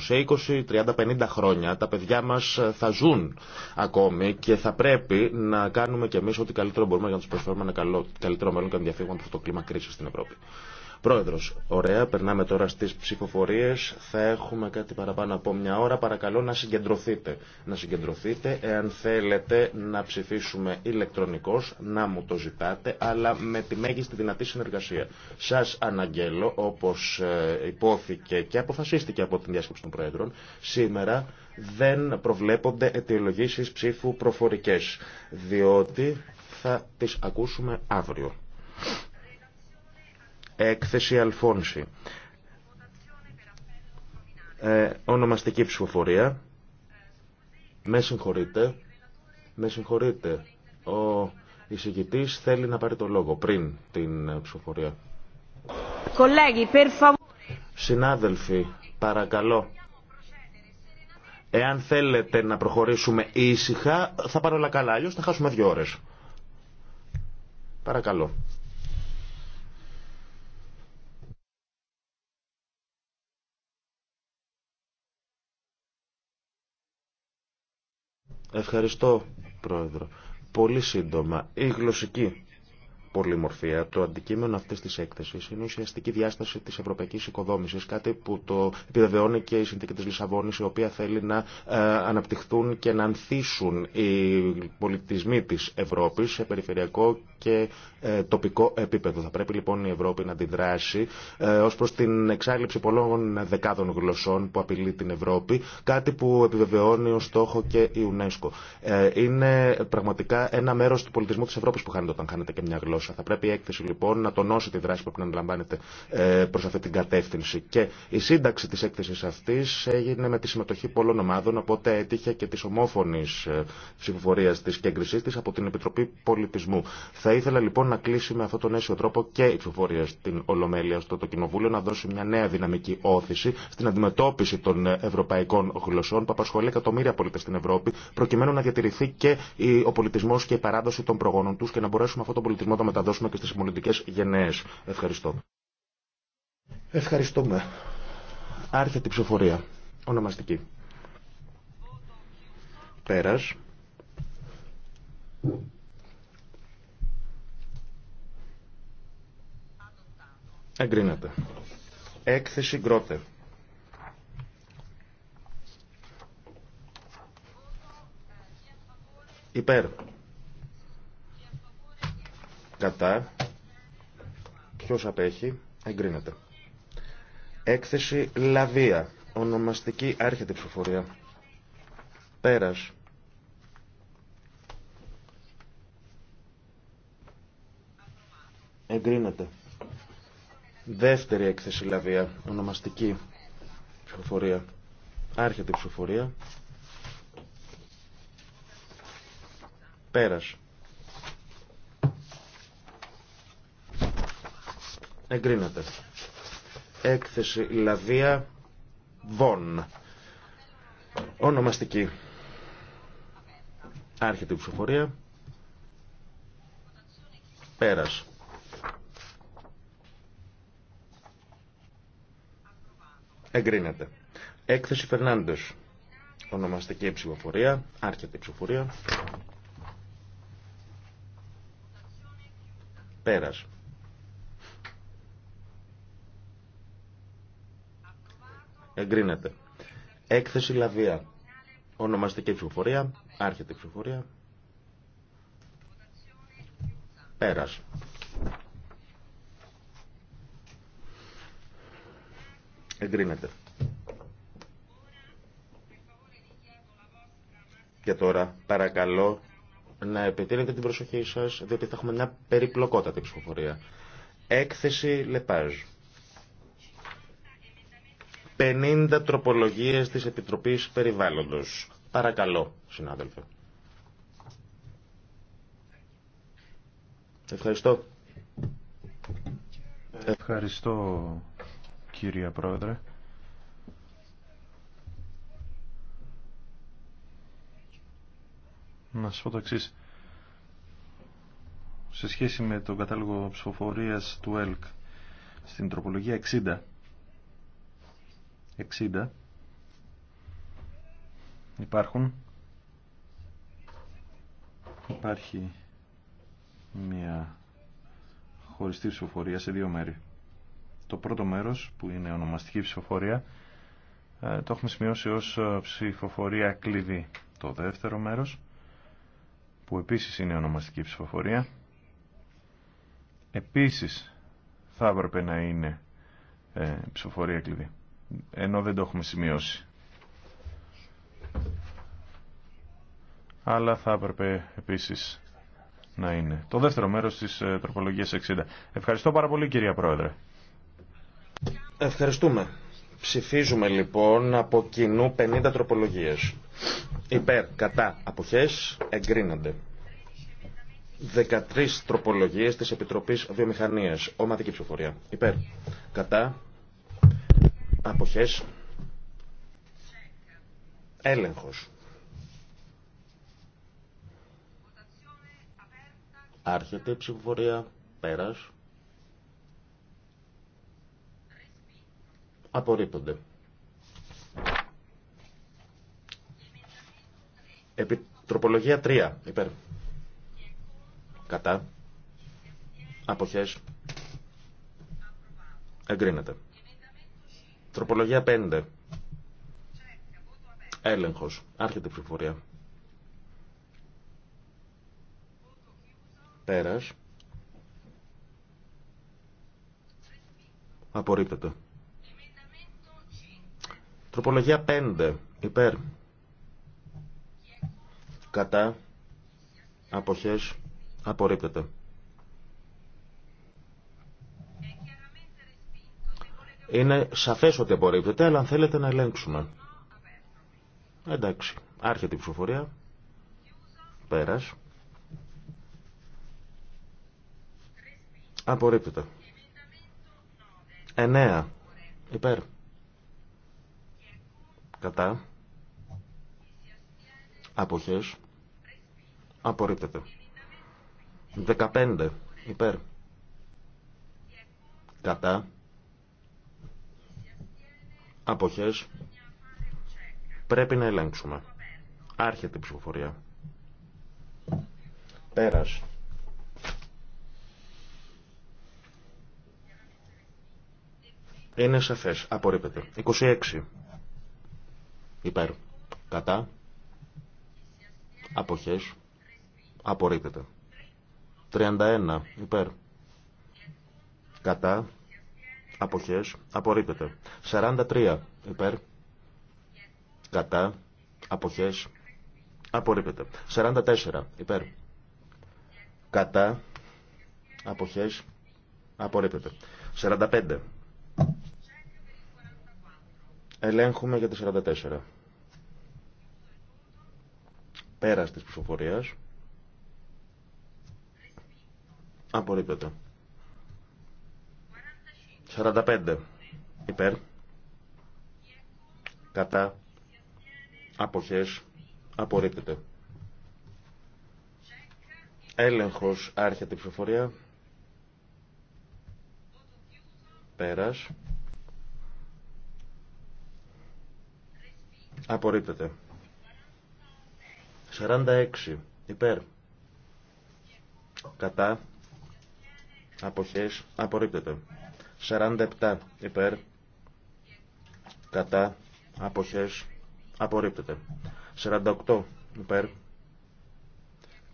σε 20, 30, 50 χρόνια τα παιδιά μας ε, θα ζουν ακόμη και θα πρέπει να κάνουμε κι εμείς ό,τι καλύτερο μπορούμε για να τους προσφέρουμε ένα καλό, καλύτερο μέλλον και να διαφύγουμε από αυτό το κλίμα κρίσης στην Ευρώπη. Πρόεδρος, ωραία, περνάμε τώρα στις ψηφοφορίες. Θα έχουμε κάτι παραπάνω από μια ώρα. Παρακαλώ να συγκεντρωθείτε. Να συγκεντρωθείτε, εάν θέλετε να ψηφίσουμε ηλεκτρονικώς, να μου το ζητάτε, αλλά με τη μέγιστη δυνατή συνεργασία. Σας αναγγέλω, όπως ε, υπόθηκε και αποφασίστηκε από την διάσκεψη των Πρόεδρων, σήμερα δεν προβλέπονται αιτιολογήσεις ψήφου προφορικές, διότι θα τις ακούσουμε αύριο. Έκθεση Αλφόνση. Ε, ονομαστική ψηφοφορία. Με συγχωρείτε. Με συγχωρείτε. Ο εισηγητής θέλει να πάρει το λόγο πριν την ψηφοφορία. Συνάδελφοι, παρακαλώ. Εάν θέλετε να προχωρήσουμε ήσυχα, θα πάρω όλα καλά. Αλλιώς θα χάσουμε δύο ώρες. Παρακαλώ. Ευχαριστώ, Πρόεδρο. Πολύ σύντομα, η γλωσσική πολυμορφία, το αντικείμενο αυτή τη έκθεση είναι ουσιαστική διάσταση τη ευρωπαϊκή οικοδόμηση, κάτι που το επιβεβαιώνει και η συνθήκη τη Λισαβόνη, η οποία θέλει να ε, αναπτυχθούν και να ανθίσουν οι πολιτισμοί τη Ευρώπη σε περιφερειακό και ε, τοπικό επίπεδο. Θα πρέπει λοιπόν η Ευρώπη να αντιδράσει ε, ως προς την εξάλληψη πολλών δεκάδων γλωσσών που απειλεί την Ευρώπη, κάτι που επιβεβαιώνει ο στόχο και η UNESCO. Ε, είναι πραγματικά ένα μέρος του πολιτισμού της Ευρώπης που χάνεται όταν χάνεται και μια γλώσσα. Θα πρέπει η έκθεση λοιπόν να τονώσει τη δράση που να αναλαμβάνεται προ αυτή την κατεύθυνση. Και η σύνταξη της έκθεσης αυτής έγινε με τη συμμετοχή πολλών ομάδων, οπότε έτυχε και της ομόφωνης ψηφοφορίας της και από την Επιτροπή Πολιτισμού. Θα θα ήθελα λοιπόν να κλείσει με αυτόν τον αίσιο τρόπο και η ψηφοφορία στην Ολομέλεια, στο το Κοινοβούλιο, να δώσει μια νέα δυναμική όθηση στην αντιμετώπιση των ευρωπαϊκών γλωσσών που απασχολεί εκατομμύρια πολίτε στην Ευρώπη, προκειμένου να διατηρηθεί και ο πολιτισμό και η παράδοση των προγόνων του και να μπορέσουμε αυτόν τον πολιτισμό να μεταδώσουμε και στι πολιτικέ γενναίε. Ευχαριστώ. Ευχαριστούμε. Άρχεται η ψηφοφορία. Ονομαστική. Πέρας. Εγκρίνεται. Έκθεση Γκρότε. Υπέρ. Κατά. Ποιος απέχει. Εγκρίνεται. Έκθεση Λαβία. Ονομαστική άρχεται ψηφοφορία. Πέρας. Εγκρίνεται. Δεύτερη έκθεση Λαβία, δηλαδή, ονομαστική ψηφοφορία. Άρχεται η ψηφοφορία. Πέρας. Εγκρίνεται. Έκθεση Λαβία Βον. Ονομαστική. Άρχεται η ψηφοφορία. Πέρας. Εγκρίνεται. Έκθεση Φερνάντε. Ονομαστική ψηφοφορία. Άρχεται η ψηφοφορία. Πέρας. Εγκρίνεται. Έκθεση Λαβία. Ονομαστική ψηφοφορία. Άρχεται η ψηφοφορία. Πέρας. Εγκρίνεται. Και τώρα παρακαλώ να επιτείνετε την προσοχή σας, διότι θα έχουμε μια περιπλοκότατη ψηφοφορία. Έκθεση Λεπάζ. 50 τροπολογίες της Επιτροπής Περιβάλλοντος. Παρακαλώ, συνάδελφε. Ευχαριστώ. Ευχαριστώ, Κύριε Πρόεδρε. Να σας πω το Σε σχέση με τον κατάλογο ψηφοφορίας του ΕΛΚ στην τροπολογία 60 60 υπάρχουν υπάρχει μια χωριστή ψηφοφορία σε δύο μέρη. Το πρώτο μέρος που είναι ονομαστική ψηφοφορία ε, το έχουμε σημειώσει ως ε, ψηφοφορία κλειδί. Το δεύτερο μέρος που επίσης είναι ονομαστική ψηφοφορία επίσης θα έπρεπε να είναι ε, ψηφοφορία κλειδί. Ενώ δεν το έχουμε σημειώσει. αλλά θα έπρεπε επίσης να είναι. Το δεύτερο μέρος της τροπολογίας 60. Ευχαριστώ πάρα πολύ κυρία Πρόεδρε. Ευχαριστούμε. Ψηφίζουμε λοιπόν από κοινού 50 τροπολογίες. Υπέρ, κατά, αποχές, εγκρίνονται. 13 τροπολογίες της Επιτροπής Βιομηχανίας. Ομαδική ψηφοφορία. Υπέρ, κατά, αποχές, έλεγχος. Άρχεται η ψηφοφορία, πέρας. απορρίπτονται. Επιτροπολογία 3. Υπέρ. Κατά. Αποχές. Εγκρίνεται. Τροπολογία 5. Έλεγχος. Άρχεται η ψηφοφορία. Πέρας. Απορρίπτεται. Τροπολογία 5. Υπέρ. Κατά. Αποχές. Απορρίπτεται. Είναι σαφές ότι απορρίπτεται, αλλά αν θέλετε να ελέγξουμε. Εντάξει. Άρχεται η ψηφοφορία. Πέρας. Απορρίπτεται. 9. Υπέρ. Κατά. Αποχές. Απορρίπτεται. 15. Υπέρ. Κατά. Αποχές. Πρέπει να ελέγξουμε. Άρχεται η ψηφοφορία. Πέρας. Είναι σαφές. Απορρίπτεται. 26. Υπέρ. Κατά. Αποχές. Απορρίπτεται. 31. Υπέρ. Κατά. Αποχές. Απορρίπτεται. 43. Υπέρ. Κατά. Αποχές. Απορρίπτεται. 44. Υπέρ. Κατά. Αποχές. Απορρίπτεται. 45. Ελέγχουμε για τη 44. Πέρας της ψηφοφορίας. Απορρίπτεται. 45. Υπέρ. Κατά. Αποχές. Απορρίπτεται. Έλεγχος. Άρχεται η ψηφοφορία. Πέρας. Απορρίπτεται. 46. Υπέρ. Κατά. Αποχές. Απορρίπτεται. 47. Υπέρ. Κατά. Αποχές. Απορρίπτεται. 48. Υπέρ.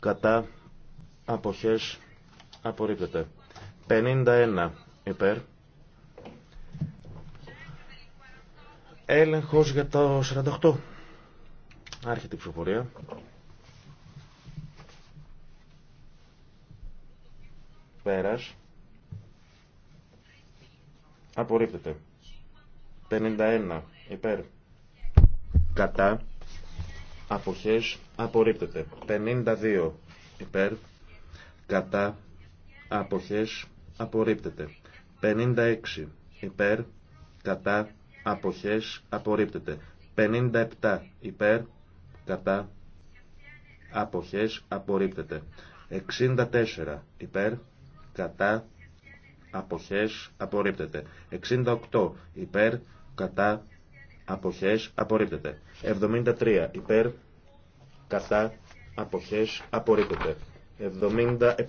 Κατά. Αποχές. Απορρίπτεται. 51. Υπέρ. Έλεγχος για το 48. Άρχεται η ψηφοφορία. Πέρας. Απορρίπτεται. 51. Υπέρ. Κατά. Αποχές. Απορρίπτεται. 52. Υπέρ. Κατά. Αποχές. Απορρίπτεται. 56. Υπέρ. Κατά αποχές απορρίπτεται. 57 υπέρ κατά αποχές απορρίπτεται. 64 υπέρ κατά αποχές απορρίπτεται. 68 υπέρ κατά αποχές απορρίπτεται. 73 υπέρ κατά αποχές απορρίπτεται.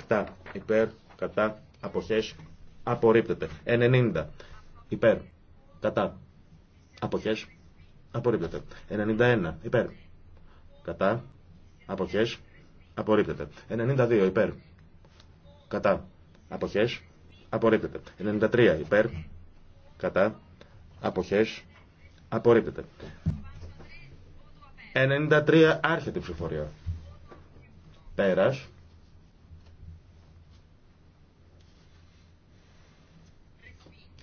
77 υπέρ κατά αποχές απορρίπτεται. 90 υπέρ κατά Αποχές. Απορρίπτεται. 91. Υπέρ. Κατά. Αποχές. Απορρίπτεται. 92. Υπέρ. Κατά. Αποχές. Απορρίπτεται. 93. Υπέρ. Κατά. Αποχές. Απορρίπτεται. 93. Άρχεται η ψηφορία. Πέρας.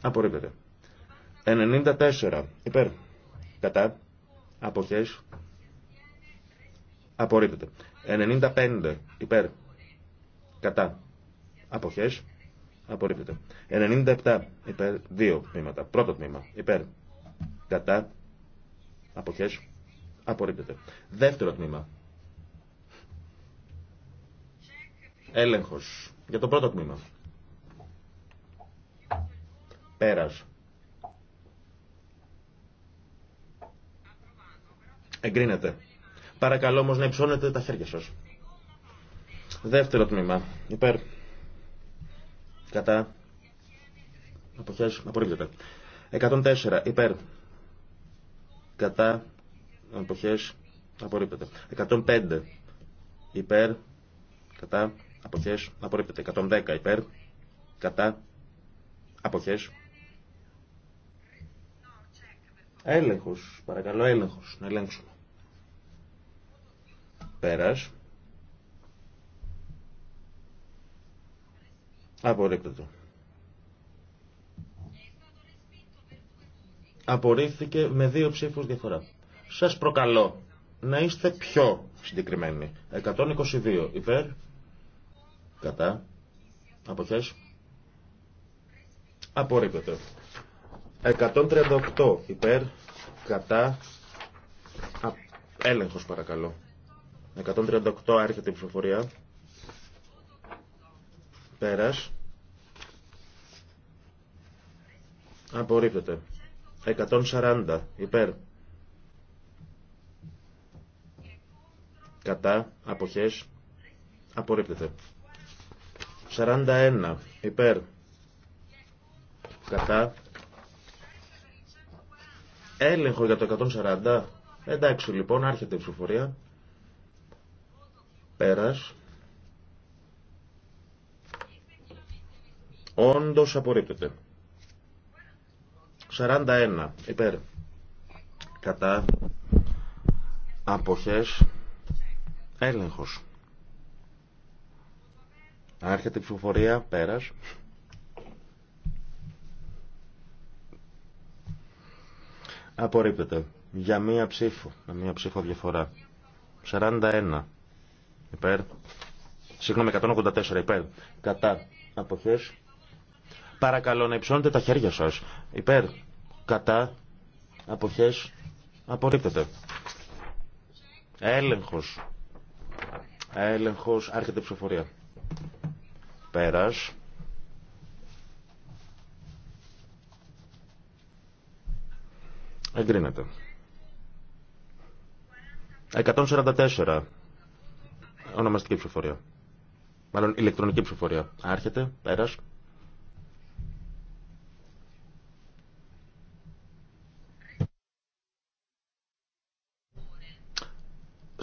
Απορρίπτεται. 94 υπέρ κατά αποχές απορρίπτεται. 95 υπέρ κατά αποχές απορρίπτεται. 97 υπέρ δύο τμήματα. Πρώτο τμήμα υπέρ κατά αποχές απορρίπτεται. Δεύτερο τμήμα έλεγχος για το πρώτο τμήμα. Πέρας. Εγκρίνεται. Παρακαλώ όμω να υψώνετε τα χέρια σα. Δεύτερο τμήμα. Υπέρ. Κατά. Αποχέ. Απορρίπτεται. 104. Υπέρ. Κατά. Αποχέ. Απορρίπτεται. 105. Υπέρ. Κατά. Αποχέ. Απορρίπτεται. 110. Υπέρ. Κατά. Αποχέ. Έλεγχο. Παρακαλώ, έλεγχο. Να ελέγξουμε. Πέρας. Απορρίπτεται. Απορρίφθηκε με δύο ψήφους διαφορά. Σας προκαλώ να είστε πιο συγκεκριμένοι. 122 υπέρ, κατά, αποχές, απορρίπτεται. 138 υπέρ, κατά, έλεγχος παρακαλώ. 138 άρχεται η ψηφοφορία. Πέρας. Απορρίπτεται. 140 υπέρ. Κατά. Αποχές. Απορρίπτεται. 41 υπέρ. Κατά. Έλεγχο για το 140. Εντάξει λοιπόν, άρχεται η ψηφοφορία. Πέρας. Όντως απορρίπτεται. 41. Υπέρ. Κατά. Αποχές. Έλεγχος. Άρχεται η ψηφοφορία. Πέρας. Απορρίπτεται. Για μία ψήφο. Με μία ψήφο διαφορά. 41 υπέρ. Συγγνώμη, 184 υπέρ. Κατά. Αποχές. Παρακαλώ να υψώνετε τα χέρια σας. Υπέρ. Κατά. Αποχές. Απορρίπτεται. Έλεγχος. Έλεγχος. Άρχεται η ψηφοφορία. Πέρας. Εγκρίνεται. 144 Ονομαστική ψηφοφορία. Μάλλον ηλεκτρονική ψηφοφορία. Άρχεται, πέρας.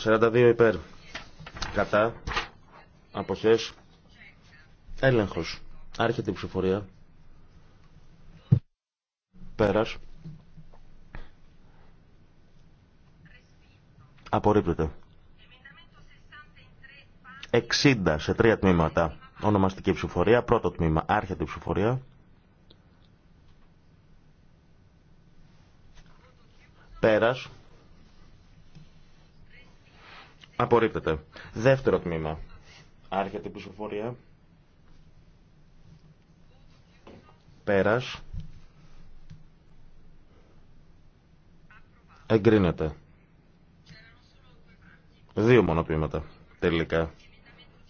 «42 υπέρ, κατά, αποχές, έλεγχος, άρχεται η ψηφοφορία. πέρας, απορρίπτεται». 60 σε τρία τμήματα. Ονομαστική ψηφοφορία. Πρώτο τμήμα. Άρχεται η ψηφοφορία. Πέρας. Απορρίπτεται. Δεύτερο τμήμα. Άρχεται η ψηφοφορία. Πέρας. Εγκρίνεται. Δύο μόνο τελικά.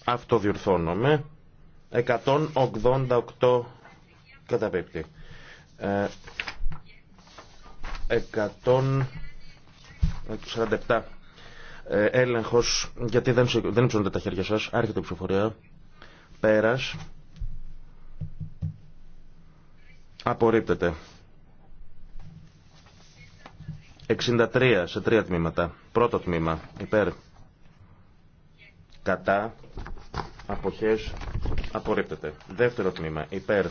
Αυτοδιορθώνομαι. 188 καταπέπτει. 147 έλεγχος, γιατί δεν, δεν τα χέρια σας, άρχεται η ψηφοφορία, πέρας, απορρίπτεται. 63 σε τρία τμήματα. Πρώτο τμήμα, υπέρ κατά, αποχές, απορρίπτεται. Δεύτερο τμήμα, υπέρ,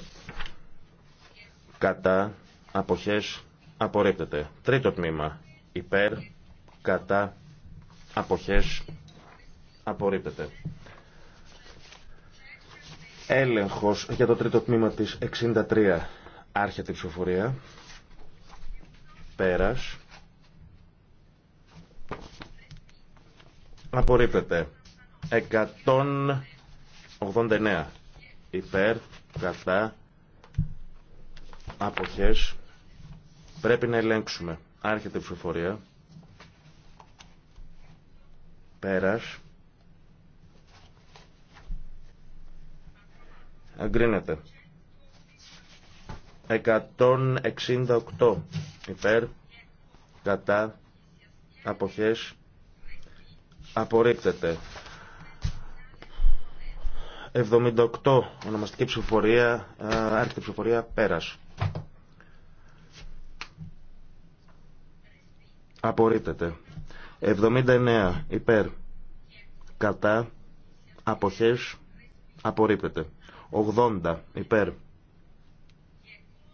κατά, αποχές, απορρίπτεται. Τρίτο τμήμα, υπέρ, κατά, αποχές, απορρίπτεται. Έλεγχος για το τρίτο τμήμα της 63. Άρχεται ψηφοφορία. Πέρας. Απορρίπτεται. 189 υπέρ, κατά, αποχές, πρέπει να ελέγξουμε. Άρχεται η ψηφοφορία. Πέρας. Αγκρίνεται. 168 υπέρ, κατά, αποχές, απορρίπτεται. 78 ονομαστική ψηφοφορία, ε, άρχιτη ψηφοφορία πέρας. Απορρίπτεται. 79 υπέρ κατά αποχές απορρίπτεται. 80 υπέρ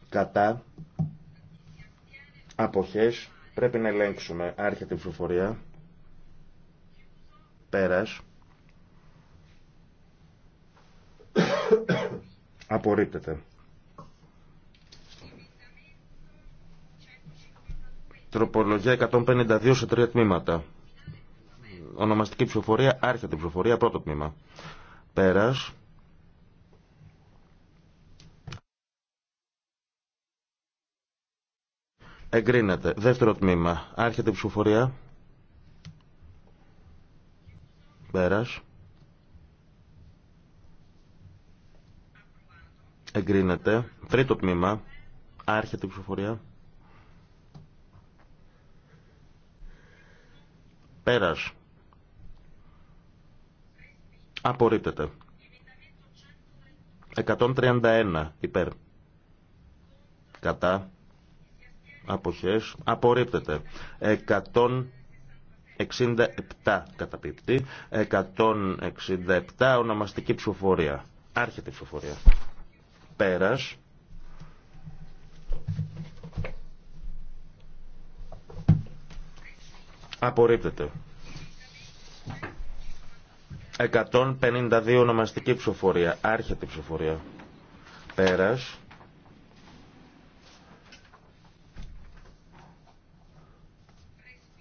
κατά αποχές πρέπει να ελέγξουμε άρχιτη ψηφοφορία πέρας Απορρίπτεται. Τροπολογία 152 σε τρία τμήματα. Ονομαστική ψηφοφορία, άρχεται ψηφοφορία, πρώτο τμήμα. Πέρας. Εγκρίνεται. Δεύτερο τμήμα. Άρχεται η ψηφοφορία. Πέρας. Εγκρίνεται. Τρίτο τμήμα. Άρχεται η ψηφοφορία. Πέρας. Απορρίπτεται. 131 υπέρ. Κατά. Αποχές. Απορρίπτεται. 167 καταπίπτει. 167 ονομαστική ψηφοφορία. Άρχεται η ψηφοφορία πέρας. Απορρίπτεται. 152 ονομαστική ψηφοφορία. Άρχεται ψηφοφορία. Πέρας.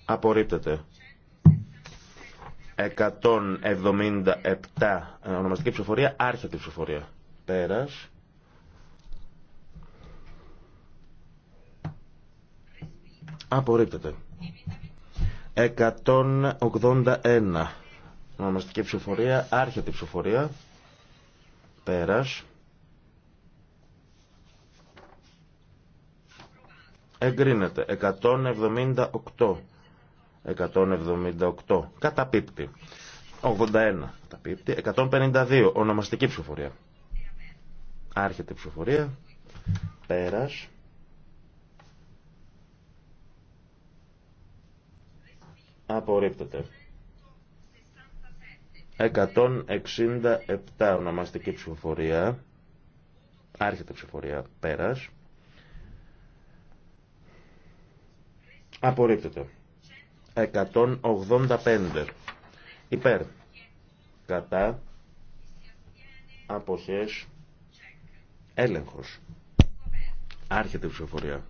Απορρίπτεται. 177 ονομαστική ψηφοφορία. Άρχεται ψηφοφορία. Πέρας. Απορρίπτεται. 181. Ονομαστική ψηφοφορία. Άρχεται η ψηφοφορία. Πέρας. Εγκρίνεται. 178. 178. Καταπίπτη 81. Καταπίπτει. 152. Ονομαστική ψηφοφορία. Άρχεται η ψηφοφορία. Πέρας. Απορρίπτεται. 167 ονομαστική ψηφοφορία. Άρχεται ψηφοφορία πέρας. Απορρίπτεται. 185. Υπέρ. Κατά. αποχέ. Έλεγχος. Άρχεται η ψηφοφορία.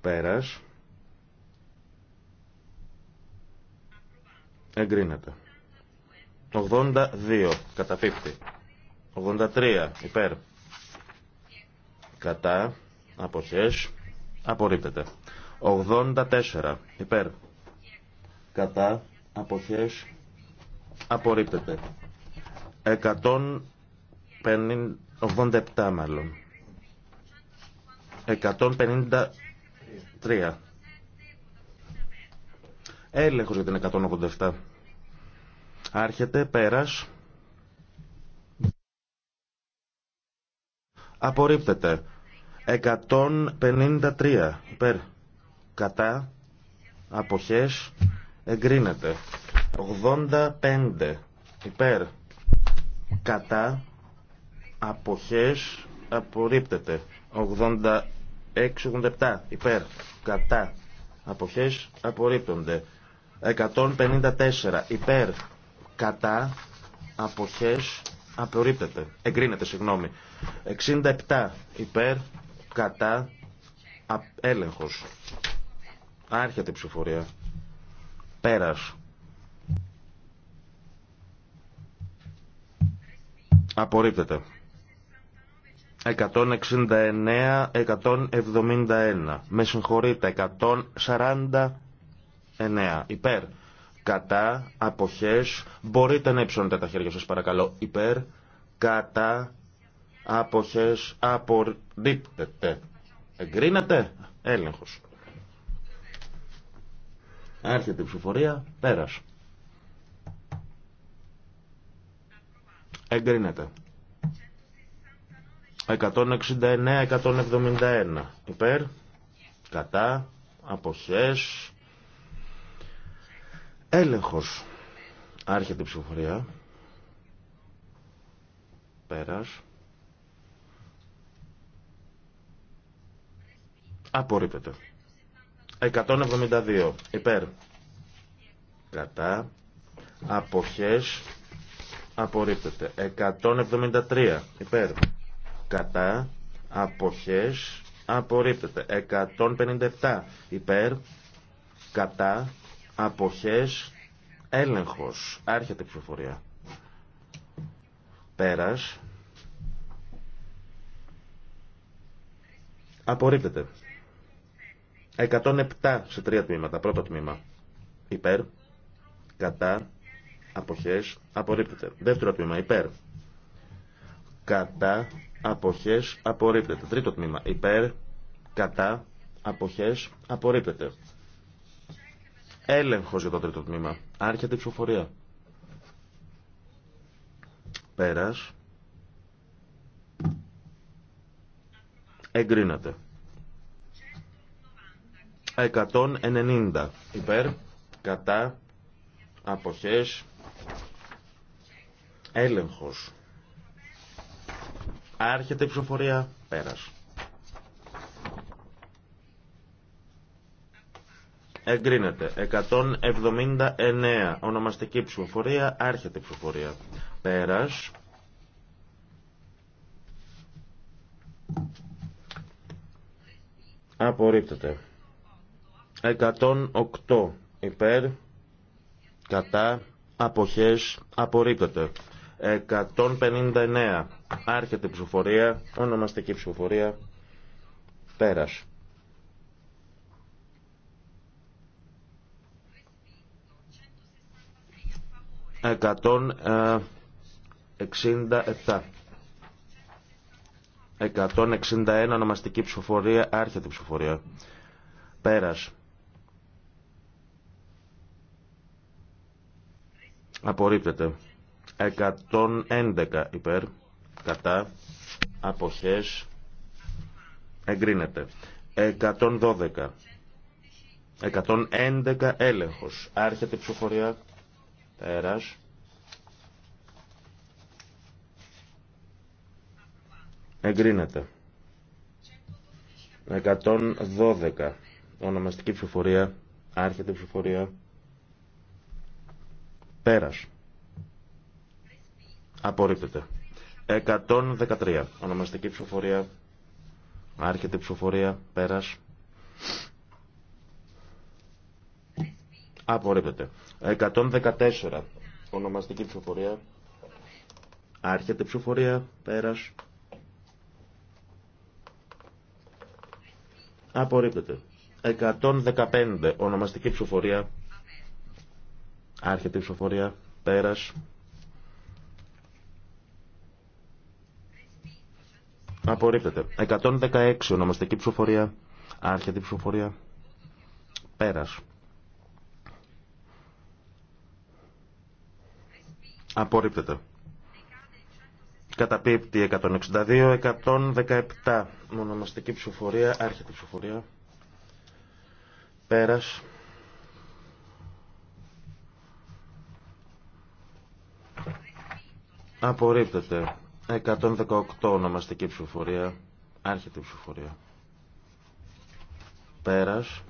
Πέρας. εγκρίνεται. 82 κατά καταπίπτει. 83 υπέρ. Κατά αποχές απορρίπτεται. 84 υπέρ. Κατά αποχές απορρίπτεται. 187 μάλλον. 153 Έλεγχος για την 187. Άρχεται, πέρας. Απορρίπτεται. 153 υπέρ. Κατά. Αποχές. Εγκρίνεται. 85 υπέρ. Κατά. Αποχές. Απορρίπτεται. 86-87 υπέρ. Κατά. Αποχές. Απορρίπτονται. 154 υπέρ κατά αποχές απορρίπτεται, εγκρίνεται συγγνώμη 67 υπέρ κατά α, έλεγχος άρχεται η ψηφορία πέρας απορρίπτεται 169-171 με συγχωρείτε 140 9. Υπέρ. Κατά. Αποχές. Μπορείτε να υψώνετε τα χέρια σας παρακαλώ. Υπέρ. Κατά. Αποχές. Απορρίπτεται. Εγκρίνεται. Έλεγχος. Έρχεται η ψηφορία. Πέρας. Εγκρίνεται. 169-171. Υπέρ. Κατά. Αποχές. Έλεγχος. Άρχεται η ψηφοφορία. Πέρας. Απορρίπτεται. 172. Υπέρ. Κατά. Αποχές. Απορρίπτεται. 173. Υπέρ. Κατά. Αποχές. Απορρίπτεται. 157. Υπέρ. Κατά αποχές, έλεγχος, άρχεται η ψηφοφορία. Πέρας. Απορρίπτεται. 107 σε τρία τμήματα. Πρώτο τμήμα. Υπέρ. Κατά. Αποχές. Απορρίπτεται. Δεύτερο τμήμα. Υπέρ. Κατά. Αποχές. Απορρίπτεται. Τρίτο τμήμα. Υπέρ. Κατά. Αποχές. Απορρίπτεται. Έλεγχος για το τρίτο τμήμα. Άρχεται η ψηφοφορία. Πέρας. Εγκρίνατε. 190 υπέρ, κατά, αποχές, έλεγχος. Άρχεται η ψηφοφορία πέρας. Εγκρίνεται. 179. Ονομαστική ψηφοφορία. Άρχεται ψηφοφορία. Πέρας. Απορρίπτεται. 108. Υπέρ. Κατά. Αποχές. Απορρίπτεται. 159. Άρχεται ψηφοφορία. Ονομαστική ψηφοφορία. Πέρας. 167. 161 ε, ονομαστική ψηφοφορία, άρχεται ψηφοφορία. Πέρας. Απορρίπτεται. 111 υπέρ, κατά, αποχές, εγκρίνεται. 112. 111 έλεγχος. Άρχεται η ψηφοφορία. Πέρας. Εγκρίνεται. 112. Ονομαστική ψηφοφορία. Άρχεται ψηφοφορία. Πέρας. Απορρίπτεται. 113. Ονομαστική ψηφοφορία. Άρχεται ψηφοφορία. Πέρας. Απορρίπτεται. 114. Ονομαστική ψηφοφορία. Άρχεται ψηφοφορία. Πέρας. Απορρίπτεται. 115. Ονομαστική ψηφοφορία. Άρχεται ψηφοφορία. Πέρας. Απορρίπτεται. 116. Ονομαστική ψηφοφορία. Άρχεται ψηφοφορία. Πέρας. Απορρίπτεται. Καταπίπτει 162, 117. Μονομαστική ψηφοφορία, άρχεται ψηφοφορία. Πέρας. Απορρίπτεται. 118 ονομαστική ψηφοφορία. Άρχεται η ψηφοφορία. Πέρας.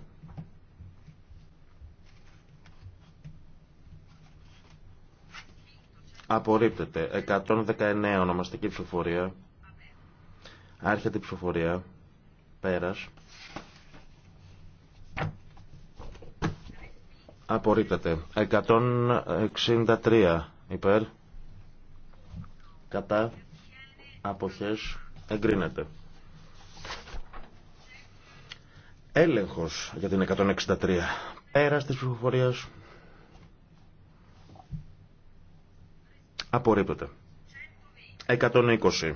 Απορρίπτεται. 119 ονομαστική ψηφοφορία. Άρχεται η ψηφοφορία. Πέρας. Απορρίπτεται. 163 υπέρ. Κατά. Αποχές. Εγκρίνεται. Έλεγχος για την 163. Πέρας της ψηφοφορίας. Απορρίπτεται. 120.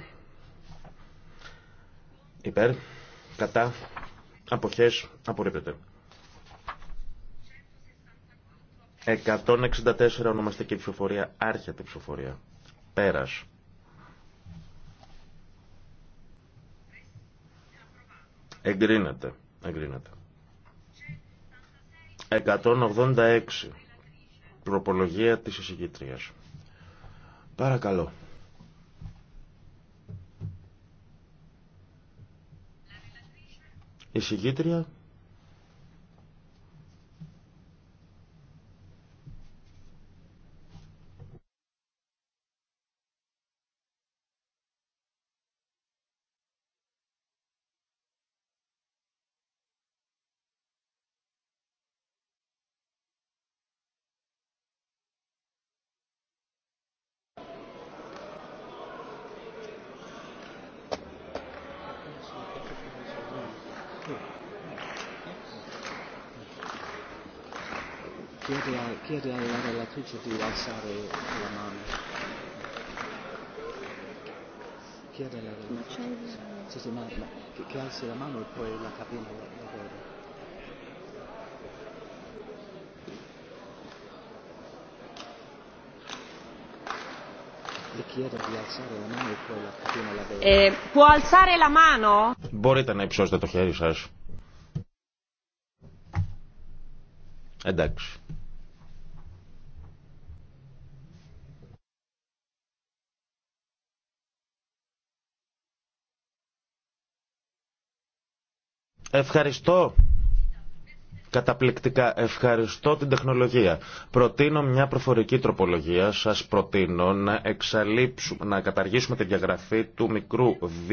Υπέρ. Κατά. Αποχές. Απορρίπτεται. 164 ονομαστική ψηφοφορία. Άρχεται ψηφοφορία. Πέρας. Εγκρίνεται. Εγκρίνεται. 186. Προπολογία της εισηγητρίας. Παρακαλώ. Η συγκίτρια... invece di alzare la mano. la Sì, sì, ma, che, che alzi la mano e poi la la lavora. Ε, può alzare la mano? Μπορείτε να υψώσετε το χέρι σας. Εντάξει. Ευχαριστώ. Καταπληκτικά. Ευχαριστώ την τεχνολογία. Προτείνω μια προφορική τροπολογία. Σας προτείνω να εξαλείψουμε, να καταργήσουμε τη διαγραφή του μικρού β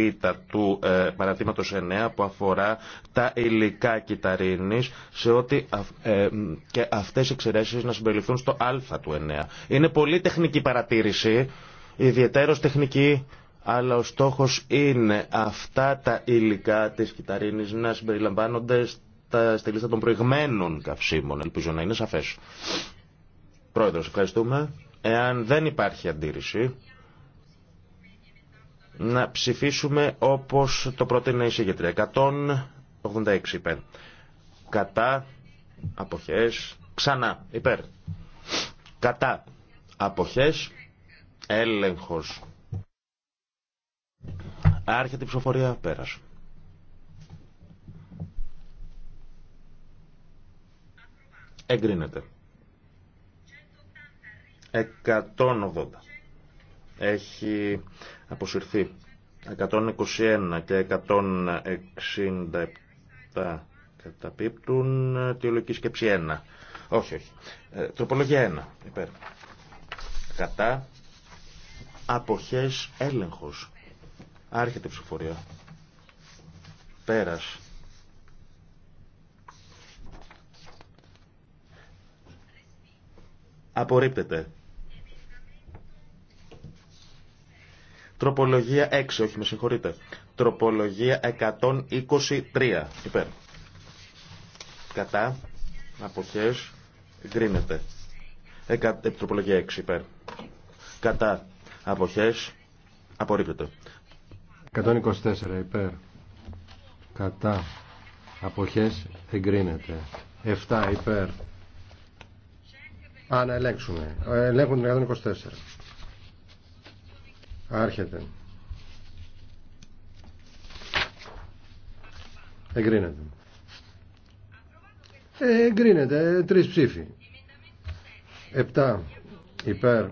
του ε, παραδείγματος 9 που αφορά τα υλικά κυταρίνης σε ότι ε, και αυτές οι εξαιρέσεις να συμπεριληφθούν στο α του 9. Είναι πολύ τεχνική παρατήρηση, ιδιαίτερος τεχνική αλλά ο στόχος είναι αυτά τα υλικά της κυταρίνης να συμπεριλαμβάνονται στα, στη λίστα των προηγμένων καυσίμων. Ελπίζω να είναι σαφές. Πρόεδρος, ευχαριστούμε. Εάν δεν υπάρχει αντίρρηση, να ψηφίσουμε όπως το πρότεινε η συγκεκριά. 186 υπέρ. Κατά, αποχές, ξανά, υπέρ. Κατά, αποχές, έλεγχος. Άρχεται η ψηφοφορία πέρας. Εγκρίνεται. 180. Έχει αποσυρθεί. 121 και 167 καταπίπτουν τη σκέψη 1. Όχι, όχι. Ε, τροπολογία 1. Υπέρ. Κατά. Αποχές έλεγχος. Άρχεται η ψηφοφορία. Πέρας. Απορρίπτεται. Τροπολογία 6, όχι με συγχωρείτε. Τροπολογία 123. Υπέρ. Κατά. Αποχές. Γκρίνεται. Εκα... Ε, τροπολογία 6. Υπέρ. Κατά. Αποχές. Απορρίπτεται. 124 υπέρ κατά αποχές εγκρίνεται 7 υπέρ Α, να ελέγξουμε. Ελέγχουν την 124. Άρχεται. Εγκρίνεται. Ε, εγκρίνεται. Τρεις ψήφοι. 7 υπέρ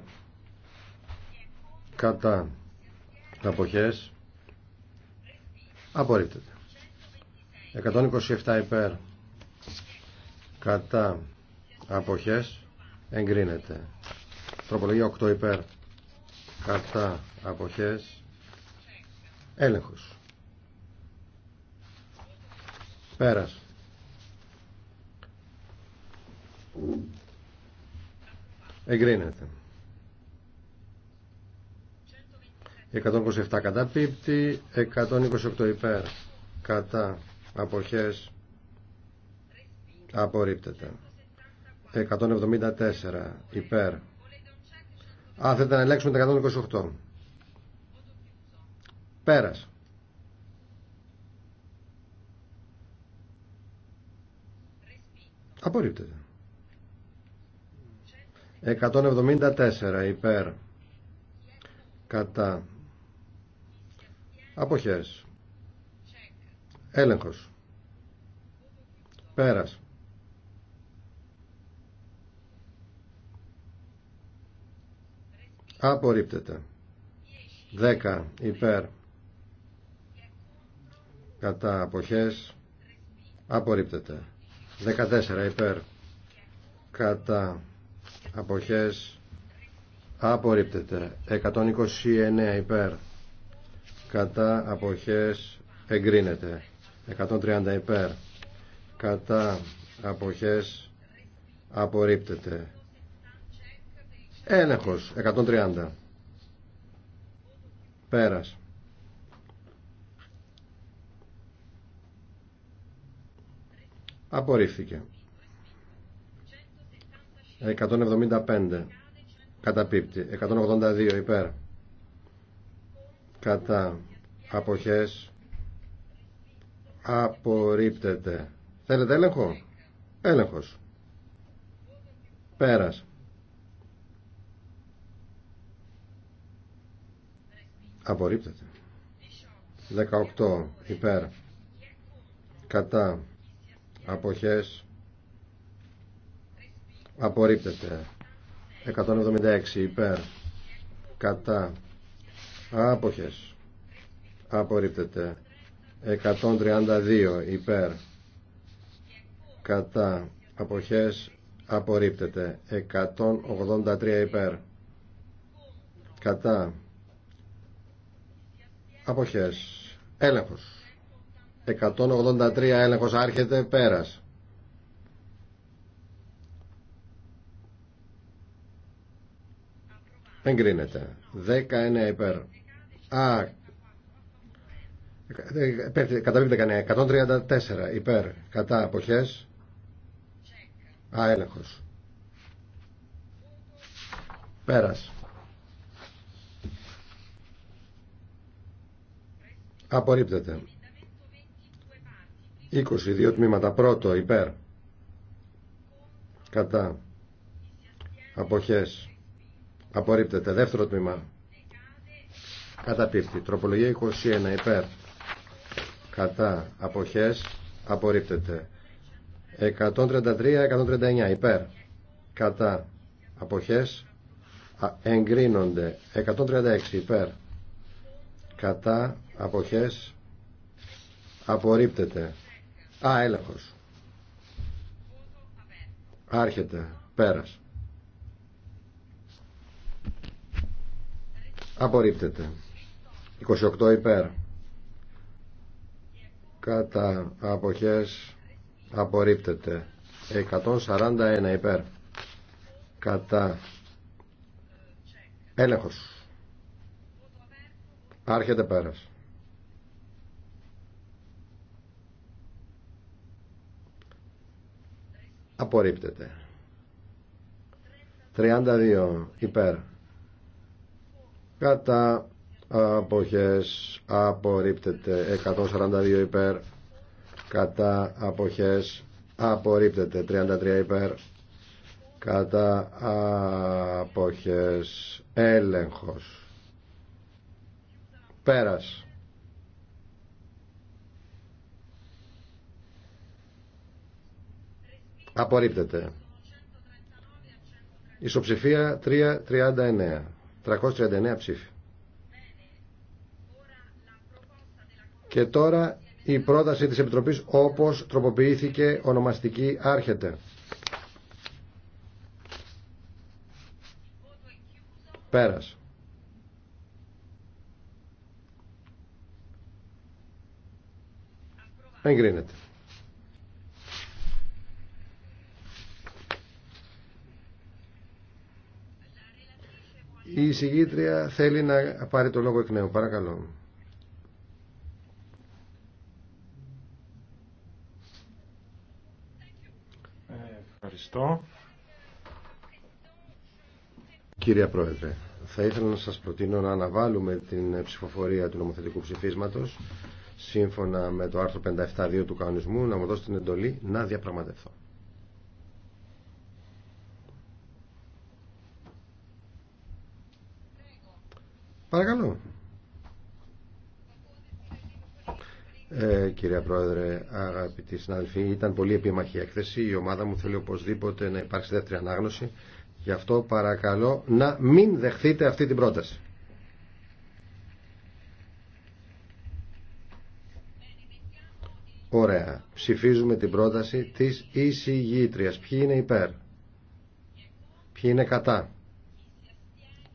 κατά αποχές Απορρίπτεται. 127 υπέρ κατά αποχές εγκρίνεται. Τροπολογία 8 υπέρ κατά αποχές έλεγχος. Πέρας. Εγκρίνεται. 127 κατά πίπτη, 128 υπέρ κατά αποχές απορρίπτεται. 174 υπέρ. Α, θέλετε να ελέγξουμε τα 128. Πέρας. Απορρίπτεται. 174 υπέρ κατά Αποχές. Έλεγχος. Πέρας. Απορρίπτεται. 10 υπέρ. Κατά αποχές. Απορρίπτεται. 14 υπέρ. Κατά αποχές. Απορρίπτεται. 129 υπέρ κατά αποχές εγκρίνεται 130 υπέρ κατά αποχές απορρίπτεται έλεγχος 130 πέρας απορρίφθηκε 175 καταπίπτει 182 υπέρ κατά αποχές απορρίπτεται. Θέλετε έλεγχο? Έλεγχος. Πέρας. Απορρίπτεται. 18 υπέρ κατά αποχές απορρίπτεται. 176 υπέρ κατά Άποχες. Απορρίπτεται. 132 υπέρ. Κατά. Αποχές. Απορρίπτεται. 183 υπέρ. Κατά. Αποχές. Έλεγχος. 183 έλεγχος άρχεται πέρας. Εγκρίνεται. 19 υπέρ. Α, καταβήκεται κανένα. 134 υπέρ κατά αποχές. Α, έλεγχος. Πέρας. Απορρίπτεται. 22 τμήματα. Πρώτο υπέρ. Κατά. Αποχές. Απορρίπτεται. Δεύτερο τμήμα πίπτη. Τροπολογία 21 υπέρ. Κατά. Αποχές. Απορρίπτεται. 133-139 υπέρ. Κατά. Αποχές. Εγκρίνονται. 136 υπέρ. Κατά. Αποχές. Απορρίπτεται. Α, έλεγχος. Άρχεται. Πέρας. Απορρίπτεται. 28 υπέρ κατά αποχές απορρίπτεται 141 υπέρ κατά έλεγχος άρχεται πέρας απορρίπτεται 32 υπέρ κατά αποχές απορρίπτεται 142 υπέρ κατά αποχές απορρίπτεται 33 υπέρ κατά αποχές έλεγχος πέρας απορρίπτεται ισοψηφία 339 339 ψήφι Και τώρα η πρόταση της Επιτροπής όπως τροποποιήθηκε ονομαστική άρχεται. Πέρας. Εγκρίνεται. Η εισηγήτρια θέλει να πάρει το λόγο εκ νέου. Παρακαλώ. Ευχαριστώ. Κύριε Πρόεδρε, θα ήθελα να σας προτείνω να αναβάλουμε την ψηφοφορία του νομοθετικού ψηφίσματος σύμφωνα με το άρθρο 57.2 του κανονισμού να μου δώσει την εντολή να διαπραγματευθώ. κυρία Πρόεδρε, αγαπητοί συναδελφοί. Ήταν πολύ επίμαχη έκθεση. Η ομάδα μου θέλει οπωσδήποτε να υπάρξει δεύτερη ανάγνωση. Γι' αυτό παρακαλώ να μην δεχθείτε αυτή την πρόταση. Ωραία. Ψηφίζουμε την πρόταση της εισηγήτριας. Ποιοι είναι υπέρ. Ποιοι είναι κατά.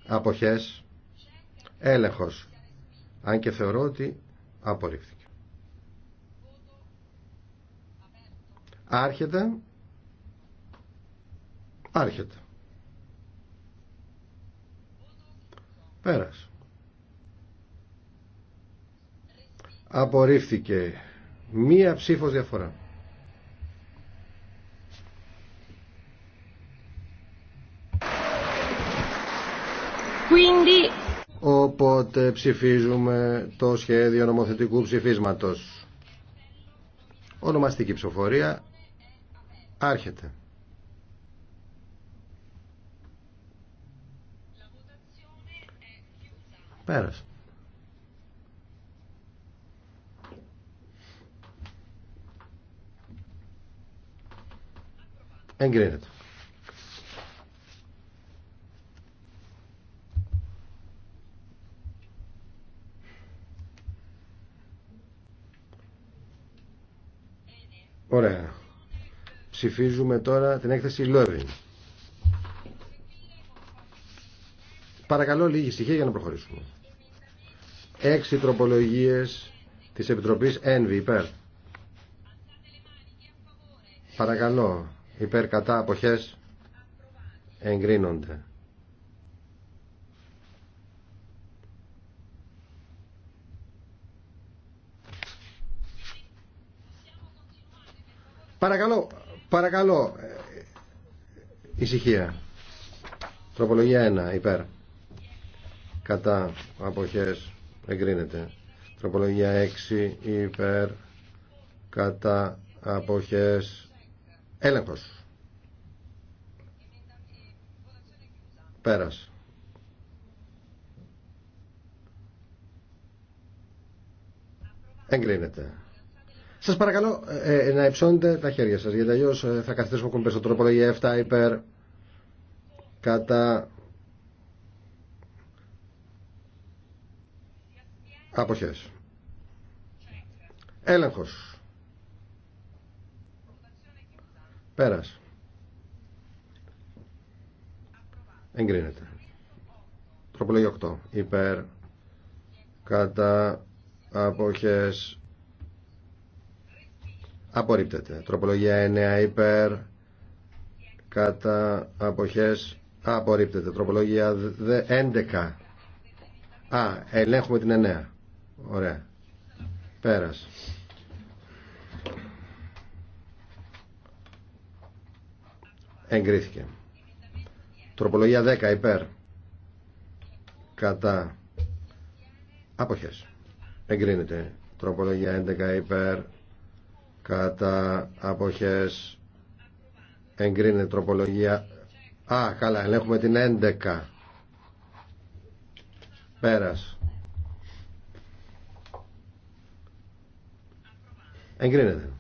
Αποχές. Έλεγχος. Αν και θεωρώ ότι απορρίφθηκε. Άρχεται. Άρχεται. Πέρας. Απορρίφθηκε μία ψήφος διαφορά. Quindi... Οπότε ψηφίζουμε το σχέδιο νομοθετικού ψηφίσματος. Ονομαστική ψηφοφορία Άρχεται. Πέρασε. Εγκρίνεται. Ψηφίζουμε τώρα την έκθεση Λόβιν. Παρακαλώ λίγη στοιχεία για να προχωρήσουμε. Έξι τροπολογίες της Επιτροπής ΕΝΒΙ υπέρ. Παρακαλώ, υπέρ κατά αποχές εγκρίνονται. Παρακαλώ, Παρακαλώ, ε, ησυχία. Τροπολογία 1, υπέρ. Κατά αποχές εγκρίνεται. Τροπολογία 6, υπέρ. Κατά αποχές έλεγχος. Πέρας. Εγκρίνεται. Σα παρακαλώ ε, ε, να υψώνετε τα χέρια σα γιατί ε, θα καθίσουμε ακόμη περισσότερο. Τροπολογία 7 υπέρ κατά Αποχέ. Έλεγχο. Πέρα. Εγκρίνεται. Τροπολογία 8 υπέρ κατά αποχές Απορρίπτεται. Τροπολογία 9 υπέρ κατά αποχές απορρίπτεται. Τροπολογία 11. Α, ελέγχουμε την 9. Ωραία. Πέρας. Εγκρίθηκε. Τροπολογία 10 υπέρ κατά αποχές. Εγκρίνεται. Τροπολογία 11 υπέρ κατά αποχές εγκρίνεται τροπολογία α καλά ελέγχουμε την 11 πέρας εγκρίνεται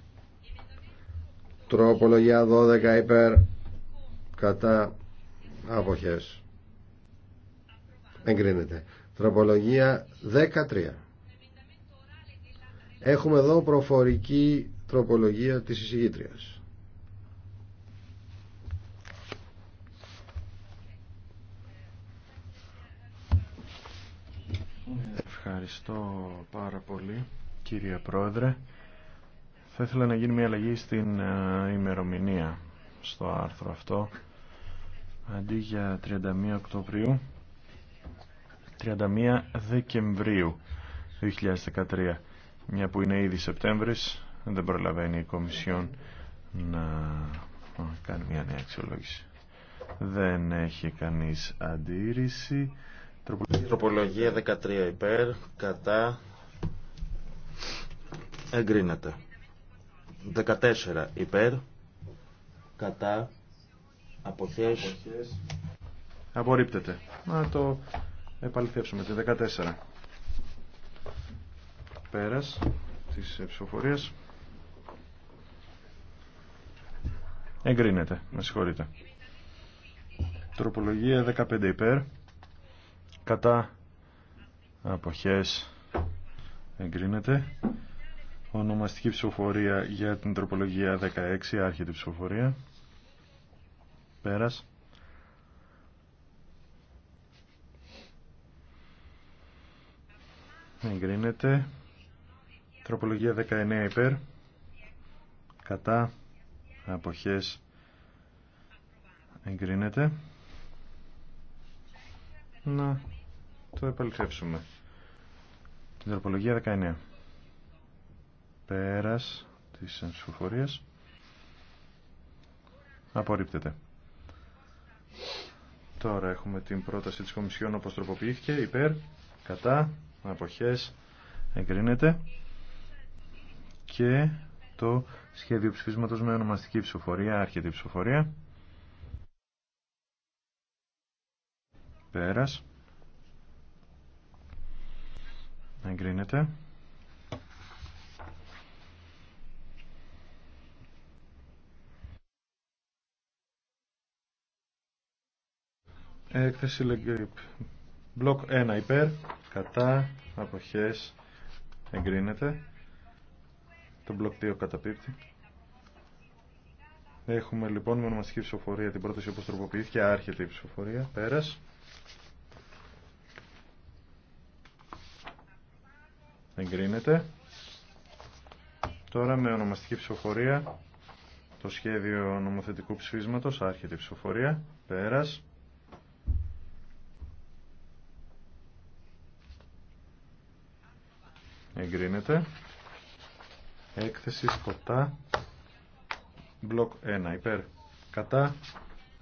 τροπολογία 12 υπέρ κατά αποχές εγκρίνεται τροπολογία 13 Έχουμε εδώ προφορική τροπολογία της εισηγήτριας. Ευχαριστώ πάρα πολύ κύριε Πρόεδρε. Θα ήθελα να γίνει μια αλλαγή στην ε, ημερομηνία στο άρθρο αυτό. Αντί για 31 Οκτωβρίου, 31 Δεκεμβρίου 2013, μια που είναι ήδη Σεπτέμβρης, δεν προλαβαίνει η Κομισιόν να κάνει μια νέα αξιολόγηση. Δεν έχει κανείς αντίρρηση. Τροπολογία 13 υπέρ, κατά, εγκρίνεται. 14 υπέρ, κατά, αποχές, απορρίπτεται. Να το επαληθεύσουμε, τη 14. Πέρας της ψηφοφορίας. Εγκρίνεται. Με συγχωρείτε. Τροπολογία 15 υπέρ. Κατά αποχές εγκρίνεται. Ονομαστική ψηφοφορία για την τροπολογία 16. Άρχεται ψηφοφορία. Πέρας. Εγκρίνεται. Τροπολογία 19 υπέρ. Κατά αποχές εγκρίνεται να το επαληθεύσουμε την τροπολογία 19 πέρας της ενσφοφορίας απορρίπτεται τώρα έχουμε την πρόταση της Κομισιόν όπως τροποποιήθηκε υπέρ, κατά, αποχές εγκρίνεται και το Σχέδιο ψηφίσματο με ονομαστική ψηφοφορία, άρχεται η ψηφοφορία. Πέρας. Εγκρίνεται. Έκθεση Λεγκρίπ. Ε, μπλοκ 1 υπέρ, κατά, αποχές, εγκρίνεται. Το μπλοκ 2 καταπίπτει. Έχουμε λοιπόν μονομαστική ψηφοφορία την πρόταση όπως τροποποιήθηκε. Άρχεται η ψηφοφορία. Πέρας. Εγκρίνεται. Τώρα με ονομαστική ψηφοφορία το σχέδιο νομοθετικού ψηφίσματος. Άρχεται η ψηφοφορία. Πέρας. Εγκρίνεται έκθεση σκοτά μπλοκ 1 υπέρ κατά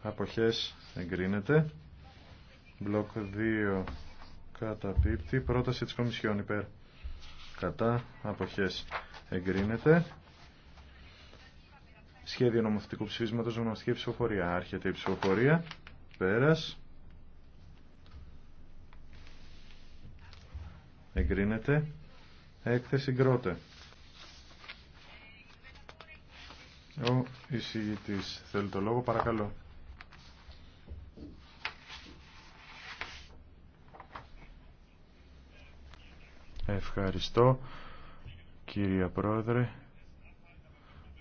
αποχές εγκρίνεται μπλοκ 2 καταπίπτει πρόταση της Κομισιόν υπέρ κατά αποχές εγκρίνεται σχέδιο νομοθετικού ψηφίσματος ονομαστική ψηφοφορία άρχεται η ψηφοφορία πέρας εγκρίνεται έκθεση γκρότε Ο εισηγητής θέλει το λόγο, παρακαλώ. Ευχαριστώ, κύριε Πρόεδρε.